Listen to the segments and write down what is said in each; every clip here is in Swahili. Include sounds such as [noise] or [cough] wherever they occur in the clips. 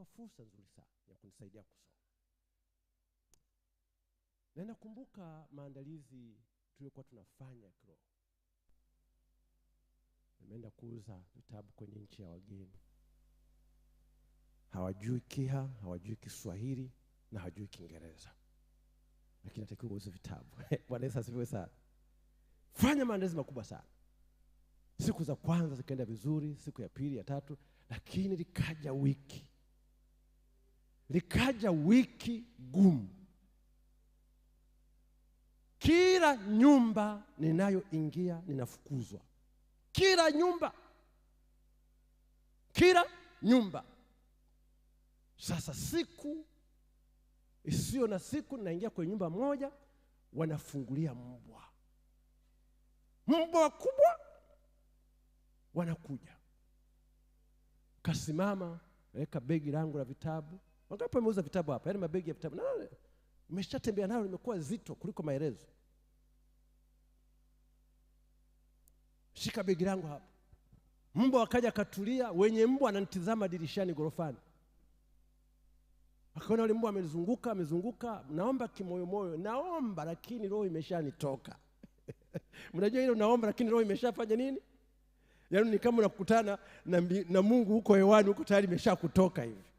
kwa fursa nzuri sana ya kunisaidia kusoma, na nakumbuka maandalizi tuliokuwa tunafanya kiroho. Nimeenda kuuza vitabu kwenye nchi ya wageni, hawajui Kiha, hawajui Kiswahili na hawajui Kiingereza, lakini natakiwa uuze vitabu. [laughs] Bwana Yesu asifiwe sana. Fanya maandalizi makubwa sana. Siku za kwanza zikaenda vizuri, siku ya pili, ya tatu, lakini likaja wiki likaja wiki gumu. Kila nyumba ninayoingia ninafukuzwa, kila nyumba, kila nyumba. Sasa siku isiyo na siku ninaingia kwenye nyumba moja, wanafungulia mbwa, mbwa kubwa wanakuja. Kasimama, weka begi langu la vitabu Wangapi wameuza vitabu hapa? yani mabegi ya vitabu. Na umeshatembea nayo limekuwa zito kuliko maelezo. Shika begi langu hapa. Mbwa akaja akatulia, wenye mbwa ananitizama dirishani gorofani. Akaona yule mbwa amezunguka amezunguka, naomba kimoyomoyo, naomba lakini roho imeshanitoka. [laughs] Mnajua ile unaomba lakini roho imeshafanya nini? Yaani ni kama unakutana na, na Mungu huko hewani, huko tayari imeshakutoka hivi.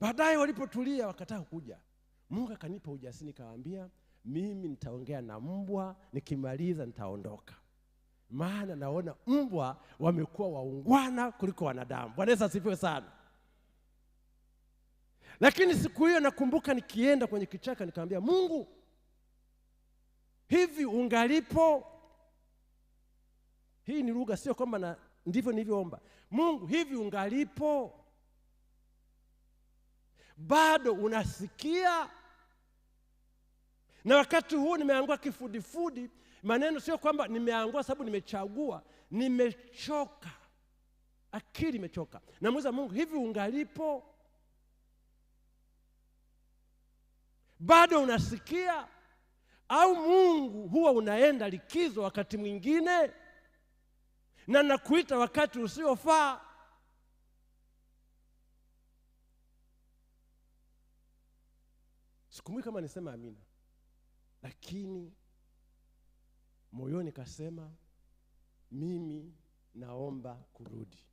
Baadaye walipotulia wakataka kuja, Mungu akanipa ujasiri, nikawaambia mimi nitaongea na mbwa, nikimaliza nitaondoka, maana naona mbwa wamekuwa waungwana kuliko wanadamu. Bwana Yesu asifiwe sana. Lakini siku hiyo nakumbuka nikienda kwenye kichaka, nikamwambia Mungu, hivi ungalipo. Hii ni lugha, sio kwamba na ndivyo nilivyoomba. Mungu, hivi ungalipo bado unasikia na wakati huu nimeangua kifudifudi maneno sio kwamba nimeangua sababu nimechagua nimechoka akili imechoka namuuliza mungu hivi ungalipo bado unasikia au mungu huwa unaenda likizo wakati mwingine na nakuita wakati usiofaa sikumbuki kama nisema amina, lakini moyoni kasema mimi naomba kurudi.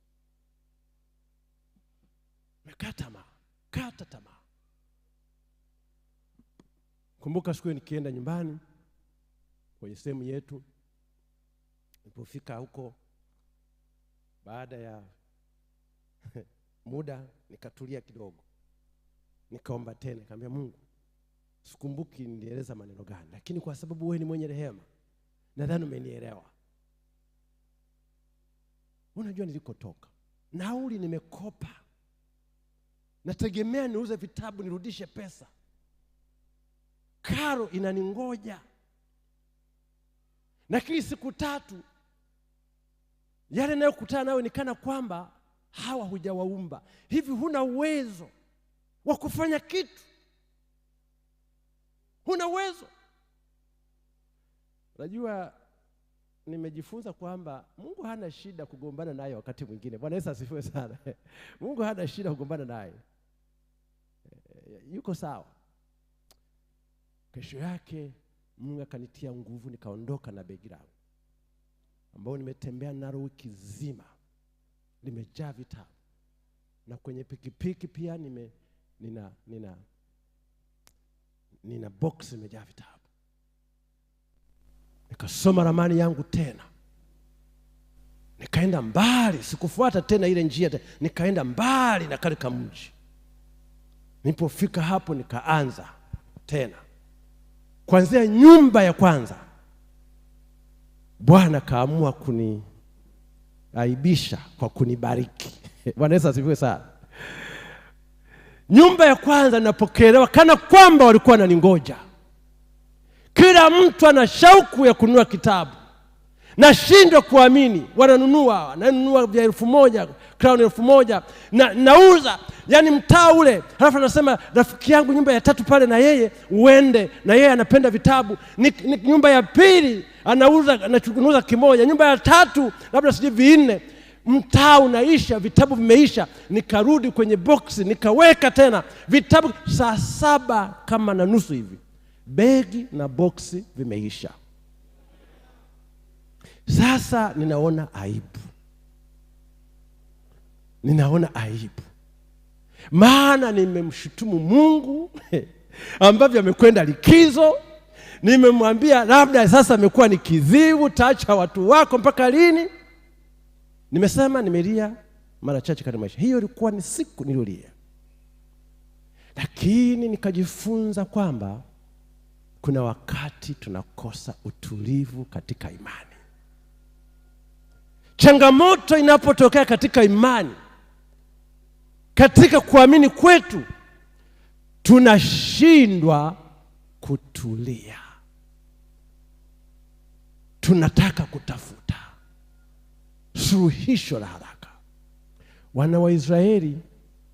Mekata tamaa, kata tamaa. Kumbuka siku nikienda nyumbani kwenye sehemu yetu, nilipofika huko baada ya [laughs] muda nikatulia kidogo, nikaomba tena, nikamwambia Mungu sikumbuki nilieleza maneno gani, lakini kwa sababu wewe ni mwenye rehema, nadhani umenielewa. Unajua nilikotoka, nauli nimekopa, nategemea niuze vitabu nirudishe pesa, karo inaningoja, lakini siku tatu yale nayokutana nayo ni kana kwamba hawa hujawaumba hivi, huna uwezo wa kufanya kitu huna uwezo. Unajua, nimejifunza kwamba Mungu hana shida kugombana naye wakati mwingine. Bwana Yesu asifiwe sana. [laughs] Mungu hana shida kugombana naye, yuko sawa. Kesho yake Mungu akanitia nguvu, nikaondoka na begi langu ambao nimetembea nalo wiki zima, limejaa vitabu na kwenye pikipiki pia nime, nina, nina nina box imejaa vitabu. Nikasoma ramani yangu tena, nikaenda mbali, sikufuata tena ile njia, nikaenda mbali na katika mji. Nilipofika hapo, nikaanza tena kuanzia nyumba ya kwanza. Bwana kaamua kuniaibisha kwa kunibariki. [laughs] Bwana Yesu asifiwe sana nyumba ya kwanza inapokelewa kana kwamba walikuwa wananingoja. Kila mtu ana shauku ya kununua kitabu, nashindwa kuamini. Wananunua, wananunua vya elfu moja crown elfu moja na, nauza yani mtaa ule. Halafu anasema rafiki yangu nyumba ya tatu pale, na yeye uende na yeye anapenda vitabu ni, ni, nyumba ya pili anauza anauza kimoja, nyumba ya tatu labda sijui vinne mtaa unaisha, vitabu vimeisha, nikarudi kwenye boksi nikaweka tena vitabu. Saa saba kama na nusu hivi, begi na boksi vimeisha. Sasa ninaona aibu, ninaona aibu, maana nimemshutumu Mungu [laughs] ambavyo amekwenda likizo nimemwambia labda sasa amekuwa ni kizivu, taacha watu wako mpaka lini? Nimesema nimelia mara chache katika maisha. Hiyo ilikuwa ni siku niliolia, lakini nikajifunza kwamba kuna wakati tunakosa utulivu katika imani. Changamoto inapotokea katika imani, katika kuamini kwetu, tunashindwa kutulia, tunataka kutafuta suluhisho la haraka. Wana wa Israeli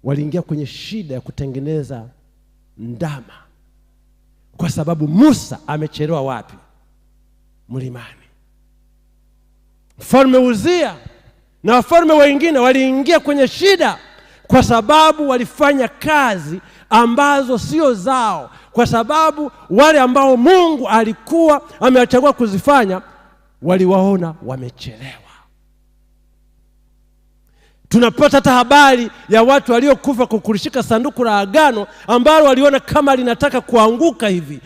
waliingia kwenye shida ya kutengeneza ndama kwa sababu Musa amechelewa wapi? Mlimani. Mfalme Uzia na wafalme wengine waliingia kwenye shida kwa sababu walifanya kazi ambazo sio zao, kwa sababu wale ambao Mungu alikuwa amewachagua kuzifanya waliwaona wamechelewa tunapata hata habari ya watu waliokufa kwa kulishika sanduku la agano ambalo waliona kama linataka kuanguka hivi,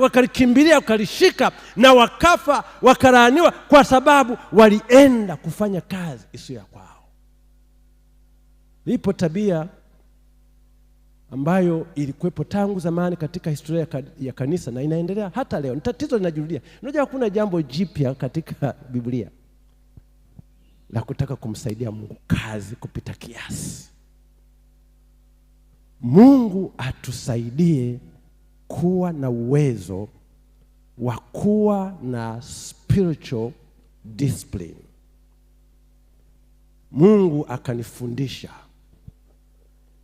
wakalikimbilia waka, wakalishika na wakafa, wakalaaniwa kwa sababu walienda kufanya kazi isiyo ya kwao. Ipo tabia ambayo ilikuwepo tangu zamani katika historia ya kanisa na inaendelea hata leo, ni tatizo linajirudia. Unajua hakuna jambo jipya katika Biblia na kutaka kumsaidia Mungu kazi kupita kiasi. Mungu atusaidie kuwa na uwezo wa kuwa na spiritual discipline. Mungu akanifundisha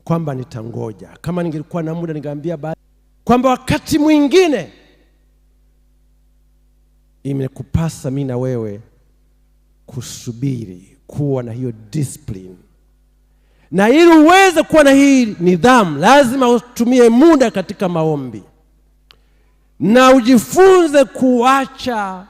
kwamba nitangoja. Kama ningelikuwa na muda, ningeambia baadhi kwamba wakati mwingine imekupasa mimi na wewe kusubiri, kuwa na hiyo discipline. Na ili uweze kuwa na hii nidhamu, lazima utumie muda katika maombi na ujifunze kuacha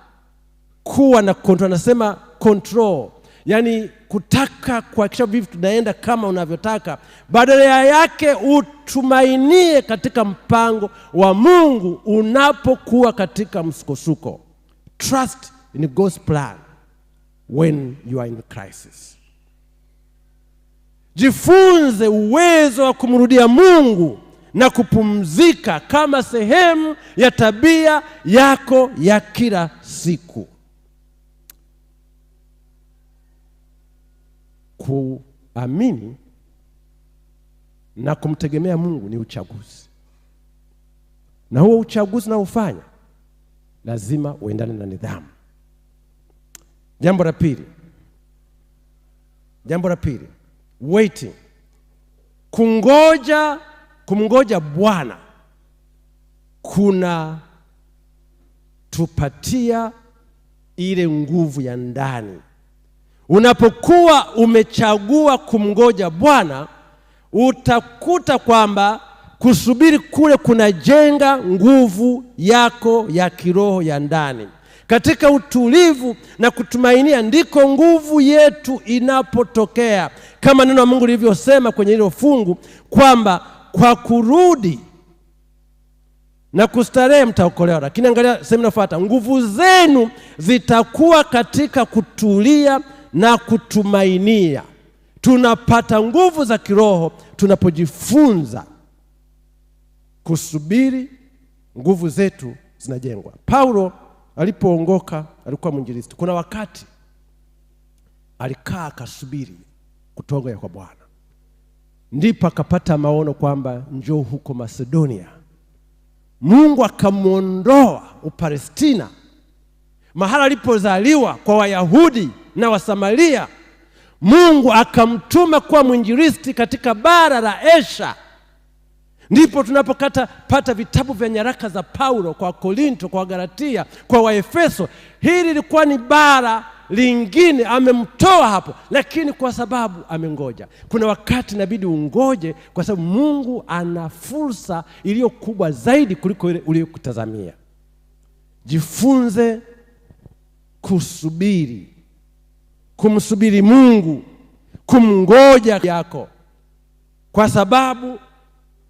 kuwa na control. Anasema control, yani kutaka kuhakikisha vitu tunaenda kama unavyotaka, badala yake utumainie katika mpango wa Mungu unapokuwa katika msukosuko. Trust in God's plan when you are in crisis. Jifunze uwezo wa kumrudia Mungu na kupumzika kama sehemu ya tabia yako ya kila siku. Kuamini na kumtegemea Mungu ni uchaguzi, na huo uchaguzi unaofanya lazima uendane na nidhamu. Jambo la pili, jambo la pili, waiting, kungoja, kumngoja Bwana kuna tupatia ile nguvu ya ndani. Unapokuwa umechagua kumngoja Bwana, utakuta kwamba kusubiri kule kunajenga nguvu yako ya kiroho ya ndani. Katika utulivu na kutumainia ndiko nguvu yetu inapotokea, kama neno la Mungu lilivyosema kwenye hilo fungu kwamba kwa kurudi na kustarehe mtaokolewa. Lakini angalia sehemu inayofuata, nguvu zenu zitakuwa katika kutulia na kutumainia. Tunapata nguvu za kiroho tunapojifunza kusubiri, nguvu zetu zinajengwa. Paulo alipoongoka alikuwa mwinjilisti. Kuna wakati alikaa akasubiri kutonga kwa Bwana, ndipo akapata maono kwamba njoo huko Masedonia. Mungu akamwondoa Upalestina, mahala alipozaliwa kwa Wayahudi na Wasamaria. Mungu akamtuma kuwa mwinjilisti katika bara la esha ndipo tunapokata pata vitabu vya nyaraka za Paulo kwa Korinto, kwa Galatia, kwa Waefeso. Hili lilikuwa ni bara lingine, amemtoa hapo, lakini kwa sababu amengoja. Kuna wakati inabidi ungoje, kwa sababu Mungu ana fursa iliyo kubwa zaidi kuliko ile uliyokutazamia. Jifunze kusubiri, kumsubiri Mungu, kumngoja yako, kwa sababu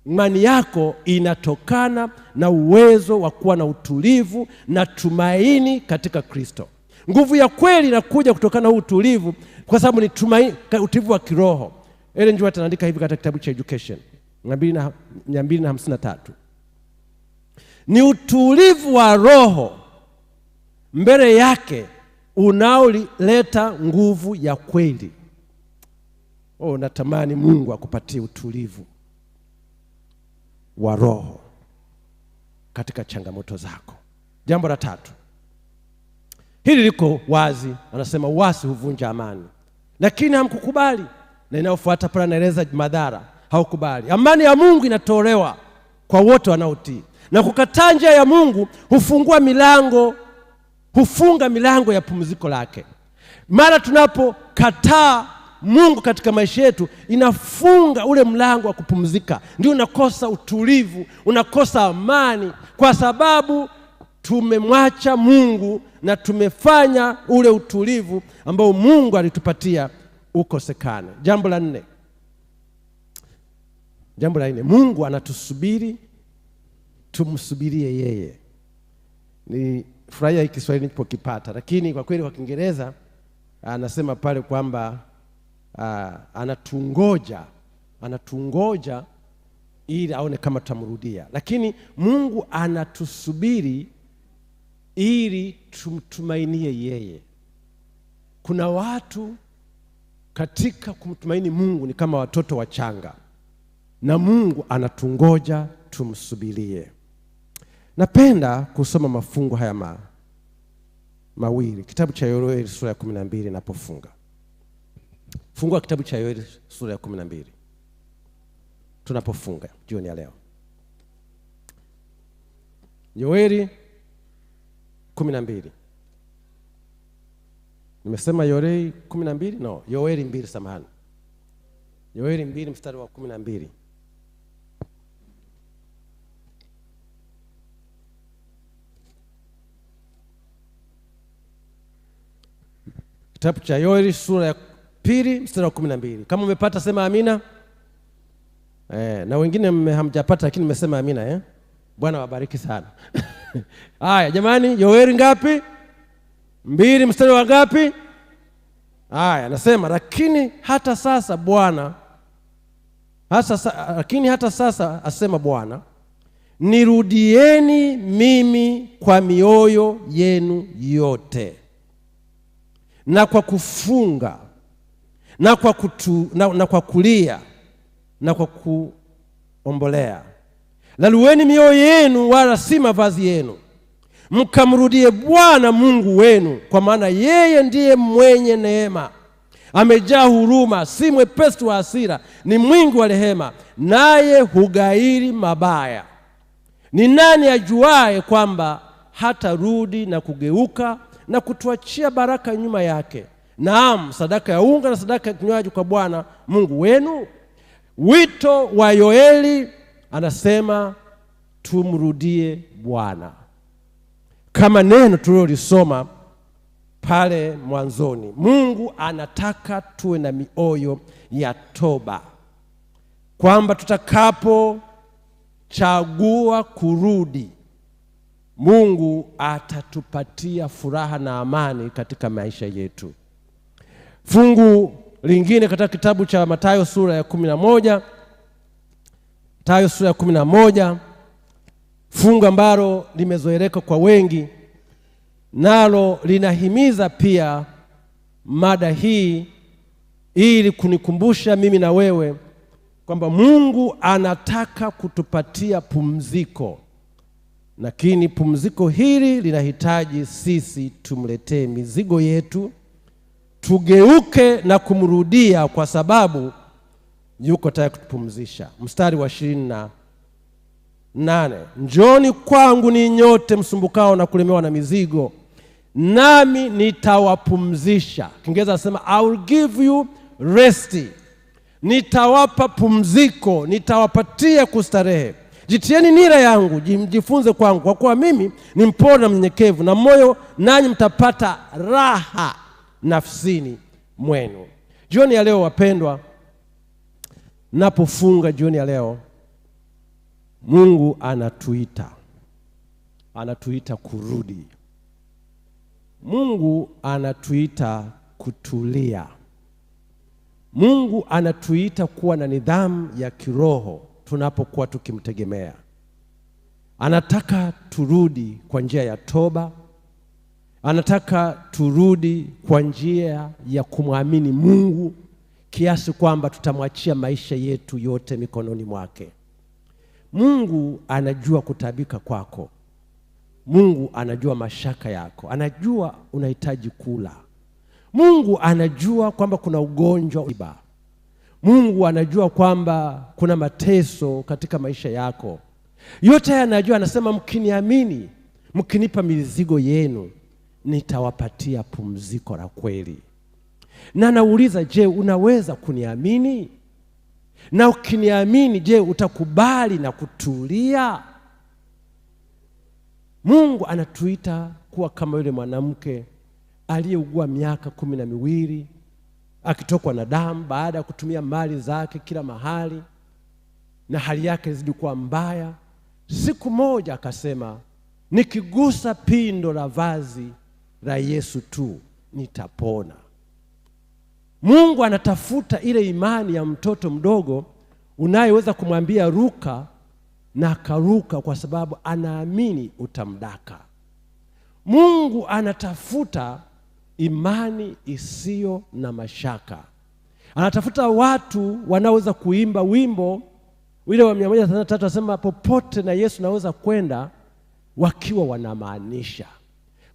Imani yako inatokana na uwezo wa kuwa na utulivu na tumaini katika Kristo. Nguvu ya kweli inakuja kutokana na utulivu, kwa sababu ni tumaini, utulivu wa kiroho. Ellen G. White anaandika hivi katika kitabu cha Education 253 ni utulivu wa roho mbele yake unaoleta nguvu ya kweli. Oh, natamani Mungu akupatie utulivu wa Roho katika changamoto zako. Jambo la tatu, hili liko wazi, anasema uasi huvunja amani, lakini hamkukubali. Na inayofuata pale anaeleza madhara, haukubali. Amani ya Mungu inatolewa kwa wote wanaotii, na kukataa njia ya Mungu hufungua milango, hufunga milango ya pumziko lake. Mara tunapokataa Mungu katika maisha yetu inafunga ule mlango wa kupumzika, ndio unakosa utulivu, unakosa amani, kwa sababu tumemwacha Mungu na tumefanya ule utulivu ambao Mungu alitupatia ukosekane. Jambo la nne, jambo la nne, Mungu anatusubiri tumsubirie yeye. Ni furahia hii Kiswahili nilipokipata, lakini kwa kweli kwa Kiingereza anasema pale kwamba uh, anatungoja anatungoja ili aone kama tutamrudia, lakini Mungu anatusubiri ili tumtumainie yeye. Kuna watu katika kumtumaini Mungu ni kama watoto wachanga, na Mungu anatungoja tumsubirie. Napenda kusoma mafungu haya ma, mawili, kitabu cha Yoeli sura ya kumi na mbili inapofunga Fungua kitabu cha Yoeli sura ya kumi na mbili tunapofunga jioni ya leo. Yoeli kumi na mbili nimesema Yoeli kumi na mbili no, Yoeli mbili, samahani, Yoeli mbili mstari wa kumi na mbili kitabu cha Yoeli sura ya pili mstari wa kumi na mbili kama umepata sema amina eh, na wengine hamjapata lakini mmesema amina eh? bwana wabariki sana [laughs] haya jamani yoeri ngapi mbili mstari wa ngapi haya anasema lakini hata sasa bwana hasa, lakini hata sasa asema bwana nirudieni mimi kwa mioyo yenu yote na kwa kufunga na kwa, kutu, na, na kwa kulia na kwa kuombolea. Laluweni mioyo yenu, wala si mavazi yenu, mkamrudie Bwana Mungu wenu, kwa maana yeye ndiye mwenye neema, amejaa huruma, si mwepesi wa hasira, ni mwingi wa rehema, naye hugairi mabaya. Ni nani ajuaye kwamba hatarudi na kugeuka na kutuachia baraka nyuma yake? naam sadaka ya unga na sadaka ya kinywaji kwa bwana mungu wenu wito wa yoeli anasema tumrudie bwana kama neno tulilolisoma pale mwanzoni mungu anataka tuwe na mioyo ya toba kwamba tutakapochagua kurudi mungu atatupatia furaha na amani katika maisha yetu Fungu lingine katika kitabu cha Mathayo sura ya kumi na moja Mathayo sura ya kumi na moja fungu ambalo limezoeleka kwa wengi, nalo linahimiza pia mada hii ili kunikumbusha mimi na wewe kwamba Mungu anataka kutupatia pumziko, lakini pumziko hili linahitaji sisi tumletee mizigo yetu tugeuke na kumrudia kwa sababu yuko tayari kutupumzisha. Mstari wa ishirini na nane njoni kwangu ni nyote msumbukao na kulemewa na mizigo, nami nitawapumzisha. Kiingereza anasema I will give you rest, nitawapa pumziko, nitawapatia kustarehe. Jitieni nira yangu, jifunze kwangu, kwa kuwa mimi ni mpole na mnyenyekevu na moyo, nanyi mtapata raha nafsini mwenu. Jioni ya leo wapendwa, napofunga jioni ya leo, Mungu anatuita, anatuita kurudi. Mungu anatuita kutulia. Mungu anatuita kuwa na nidhamu ya kiroho tunapokuwa tukimtegemea. Anataka turudi kwa njia ya toba, Anataka turudi kwa njia ya kumwamini Mungu kiasi kwamba tutamwachia maisha yetu yote mikononi mwake. Mungu anajua kutabika kwako. Mungu anajua mashaka yako, anajua unahitaji kula. Mungu anajua kwamba kuna ugonjwa iba. Mungu anajua kwamba kuna mateso katika maisha yako. Yote anajua, anasema mkiniamini, mkinipa mizigo yenu nitawapatia pumziko la kweli. Na nauliza, je, unaweza kuniamini? Na ukiniamini, je, utakubali na kutulia? Mungu anatuita kuwa kama yule mwanamke aliyeugua miaka kumi na miwili akitokwa na damu baada ya kutumia mali zake kila mahali, na hali yake ilizidi kuwa mbaya. Siku moja akasema, nikigusa pindo la vazi la Yesu tu nitapona. Mungu anatafuta ile imani ya mtoto mdogo unayeweza kumwambia ruka na akaruka, kwa sababu anaamini utamdaka. Mungu anatafuta imani isiyo na mashaka. Anatafuta watu wanaoweza kuimba wimbo ule wa 133 anasema popote na Yesu naweza kwenda, wakiwa wanamaanisha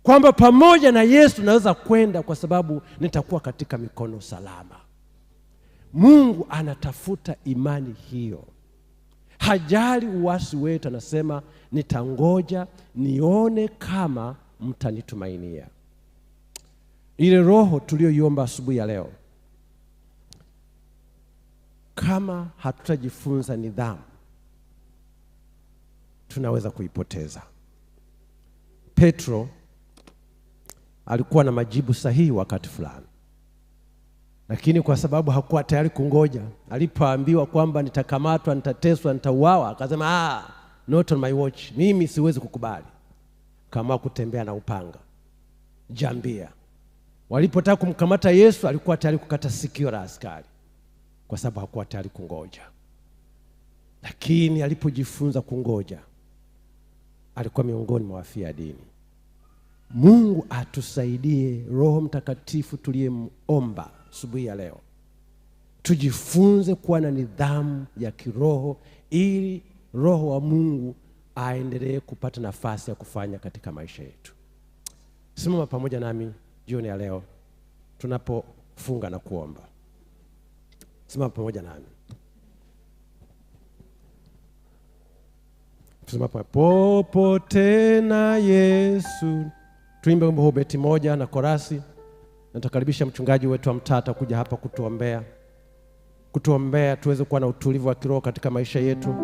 kwamba pamoja na Yesu naweza kwenda kwa sababu nitakuwa katika mikono salama. Mungu anatafuta imani hiyo, hajali uasi wetu, anasema nitangoja nione kama mtanitumainia. Ile roho tuliyoiomba asubuhi ya leo, kama hatutajifunza nidhamu, tunaweza kuipoteza. Petro alikuwa na majibu sahihi wakati fulani, lakini kwa sababu hakuwa tayari kungoja, alipoambiwa kwamba nitakamatwa, nitateswa, nitauawa, akasema ah, not on my watch, mimi siwezi kukubali. Kama kutembea na upanga jambia. Walipotaka kumkamata Yesu, alikuwa tayari kukata sikio la askari kwa sababu hakuwa tayari kungoja. Lakini alipojifunza kungoja, alikuwa miongoni mwa wafia dini. Mungu atusaidie, Roho Mtakatifu tuliyemomba asubuhi ya leo, tujifunze kuwa na nidhamu ya kiroho ili Roho wa Mungu aendelee kupata nafasi ya kufanya katika maisha yetu. Simama pamoja nami jioni ya leo tunapofunga na kuomba. Simama pamoja nami, simama popote na Yesu Tuimbe wimbo huu beti moja na korasi, na tutakaribisha mchungaji wetu wa Mtata kuja hapa kutuombea, kutuombea tuweze kuwa na utulivu wa kiroho katika maisha yetu.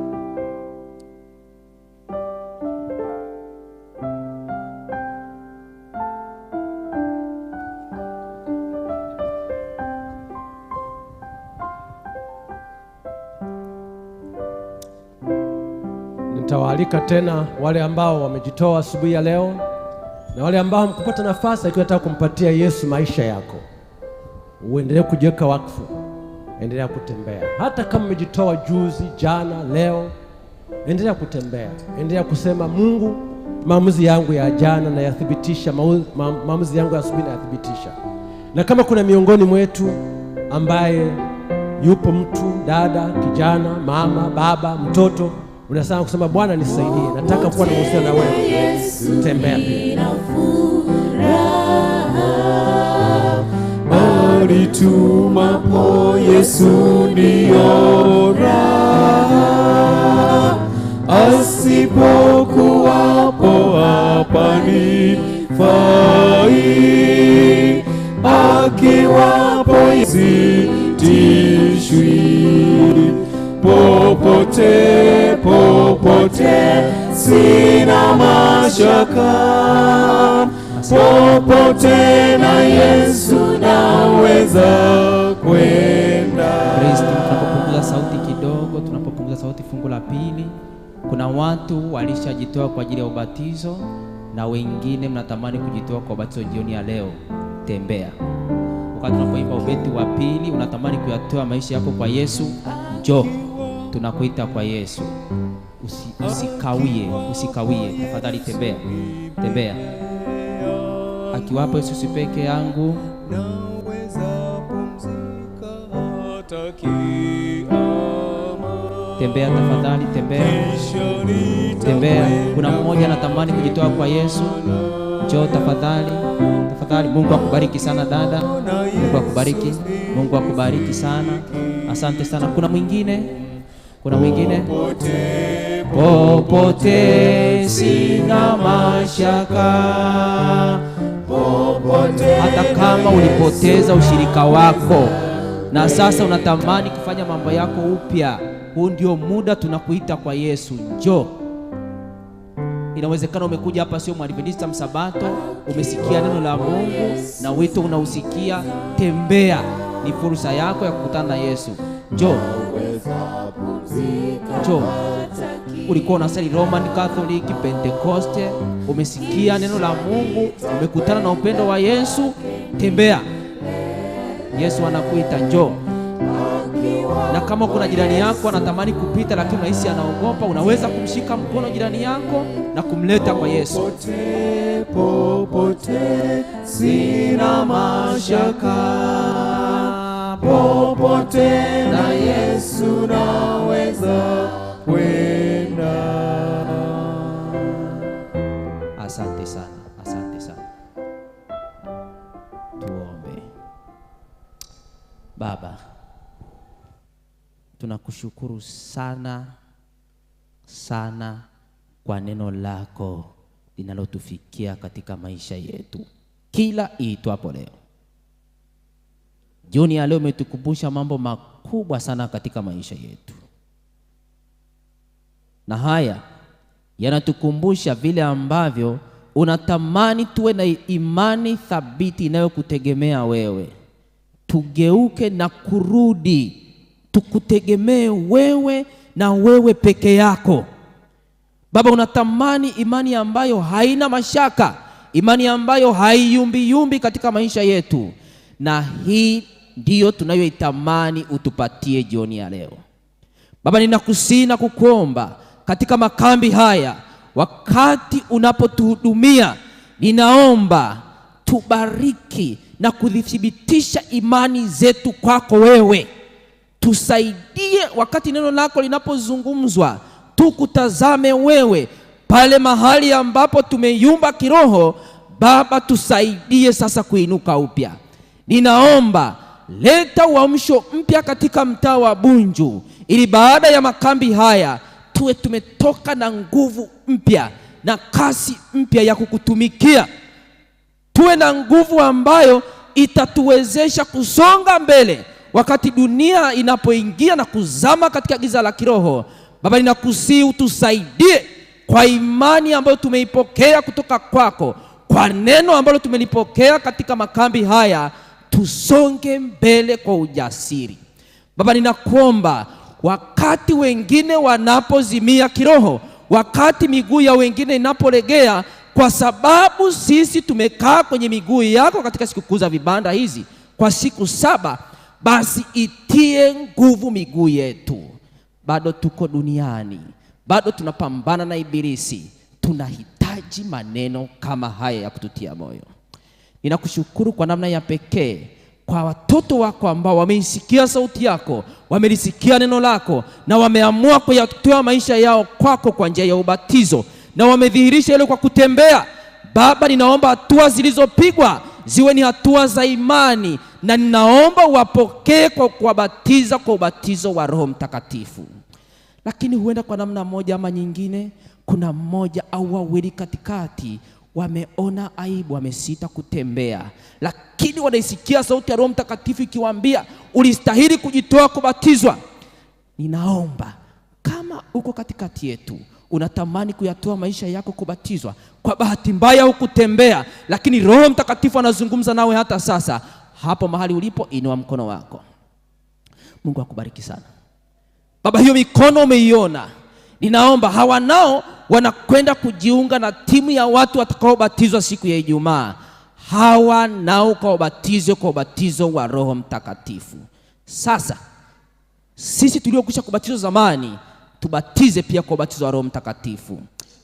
Nitawaalika tena wale ambao wamejitoa asubuhi ya leo na wale ambao mkupata nafasi, akiwa nataka kumpatia Yesu maisha yako, uendelee kujiweka wakfu, endelea kutembea. Hata kama umejitoa juzi, jana, leo, endelea kutembea, endelea kusema Mungu, maamuzi yangu ya jana na yathibitisha, maamuzi yangu ya asubuhi na yathibitisha. Na kama kuna miongoni mwetu ambaye yupo mtu, dada, kijana, mama, baba, mtoto unasema kusema, Bwana nisaidie, nataka kuwa na uhusiano na wewe, tembea Alitumapo Yesu ndiyo raha, asipokuwapo hapanifai, akiwapo Yesu shaka popote, na Yesu naweza kwenda. Tunapopunguza sauti kidogo, tunapopunguza sauti fungu la pili, kuna watu walishajitoa kwa ajili ya ubatizo na wengine mnatamani kujitoa kwa ubatizo jioni ya leo, tembea. Wakati tunapoimba ubeti wa pili, unatamani kuyatoa maisha yako kwa Yesu, njoo, tunakuita kwa Yesu usikawie, usikawie, tafadhali tembea, tembea. Akiwapo Yesu peke yangu Tembea tafadhali, tembea, tembea. Kuna mmoja anatamani kujitoa kwa Yesu, njoo tafadhali, tafadhali. Mungu akubariki sana dada, Mungu akubariki, Mungu akubariki sana, asante sana. Kuna mwingine, kuna mwingine popote sina mashaka popote. Hata kama ulipoteza ushirika wako na sasa unatamani kufanya mambo yako upya, huu ndio muda tunakuita kwa Yesu, njoo. Inawezekana umekuja hapa sio mwadventista msabato, umesikia neno la Mungu na wito unausikia, tembea, ni fursa yako ya kukutana na Yesu. Njoo, njoo ulikuwa unasali Roman Catholic, Pentecoste, umesikia neno la Mungu, umekutana na upendo wa Yesu, tembea. Yesu anakuita njoo. Na kama kuna jirani yako anatamani kupita lakini unahisi anaogopa, unaweza kumshika mkono jirani yako na kumleta kwa Yesu. Popote, sina mashaka popote na Yesu naweza we Baba, tunakushukuru sana sana kwa neno lako linalotufikia katika maisha yetu kila iitwapo leo. Jioni ya leo umetukumbusha mambo makubwa sana katika maisha yetu, na haya yanatukumbusha vile ambavyo unatamani tuwe na imani thabiti inayokutegemea wewe tugeuke na kurudi, tukutegemee wewe na wewe peke yako. Baba, unatamani imani ambayo haina mashaka, imani ambayo haiyumbiyumbi katika maisha yetu, na hii ndiyo tunayoitamani utupatie jioni ya leo. Baba, ninakusii na kukuomba katika makambi haya, wakati unapotuhudumia, ninaomba tubariki na kuzithibitisha imani zetu kwako wewe. Tusaidie wakati neno lako linapozungumzwa, tukutazame wewe pale mahali ambapo tumeyumba kiroho. Baba, tusaidie sasa kuinuka upya. Ninaomba leta uamsho mpya katika mtaa wa Bunju, ili baada ya makambi haya tuwe tumetoka na nguvu mpya na kasi mpya ya kukutumikia tuwe na nguvu ambayo itatuwezesha kusonga mbele wakati dunia inapoingia na kuzama katika giza la kiroho. Baba, ninakusihi utusaidie kwa imani ambayo tumeipokea kutoka kwako, kwa neno ambalo tumelipokea katika makambi haya, tusonge mbele kwa ujasiri. Baba, ninakuomba wakati wengine wanapozimia kiroho, wakati miguu ya wengine inapolegea kwa sababu sisi tumekaa kwenye miguu yako katika sikukuu za vibanda hizi kwa siku saba, basi itie nguvu miguu yetu. Bado tuko duniani, bado tunapambana na Ibilisi, tunahitaji maneno kama haya ya kututia moyo. Ninakushukuru kwa namna ya pekee kwa watoto wako ambao wameisikia sauti yako, wamelisikia neno lako na wameamua kuyatoa maisha yao kwako kwa njia ya ubatizo na wamedhihirisha hilo kwa kutembea. Baba, ninaomba hatua zilizopigwa ziwe ni hatua za imani, na ninaomba wapokee kwa kuwabatiza kwa ubatizo wa Roho Mtakatifu. Lakini huenda kwa namna moja ama nyingine, kuna mmoja au wawili katikati wameona aibu, wamesita kutembea, lakini wanaisikia sauti ya Roho Mtakatifu ikiwaambia ulistahili kujitoa kubatizwa. Ninaomba kama uko katikati yetu unatamani kuyatoa maisha yako kubatizwa, kwa bahati mbaya hukutembea, lakini Roho Mtakatifu anazungumza nawe hata sasa. Hapo mahali ulipo, inua mkono wako. Mungu akubariki sana. Baba, hiyo mikono umeiona, ninaomba hawa nao wanakwenda kujiunga na timu ya watu watakaobatizwa siku ya Ijumaa. Hawa nao kwa ubatizo, kwa ubatizo wa Roho Mtakatifu. Sasa sisi tuliokwisha kubatizwa zamani tubatize pia kwa ubatizo wa Roho Mtakatifu.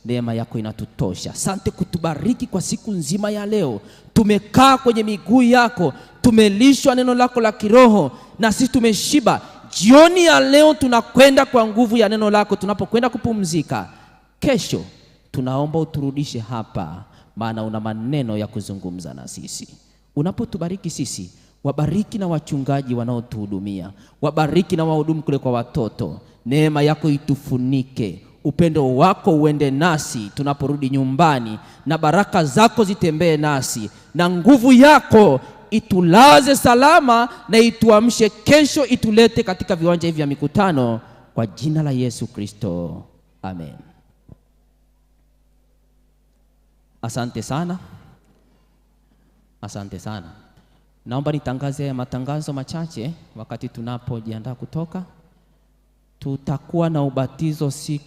Neema yako inatutosha. Asante kutubariki kwa siku nzima ya leo. Tumekaa kwenye miguu yako, tumelishwa neno lako la kiroho, na sisi tumeshiba. Jioni ya leo tunakwenda kwa nguvu ya neno lako. Tunapokwenda kupumzika kesho, tunaomba uturudishe hapa, maana una maneno ya kuzungumza na sisi. Unapotubariki sisi Wabariki na wachungaji wanaotuhudumia, wabariki na wahudumu kule kwa watoto. Neema yako itufunike, upendo wako uende nasi tunaporudi nyumbani, na baraka zako zitembee nasi, na nguvu yako itulaze salama na ituamshe kesho, itulete katika viwanja hivi vya mikutano, kwa jina la Yesu Kristo, amen. Asante sana, asante sana. Naomba nitangaze matangazo machache wakati tunapojiandaa kutoka. Tutakuwa na ubatizo siku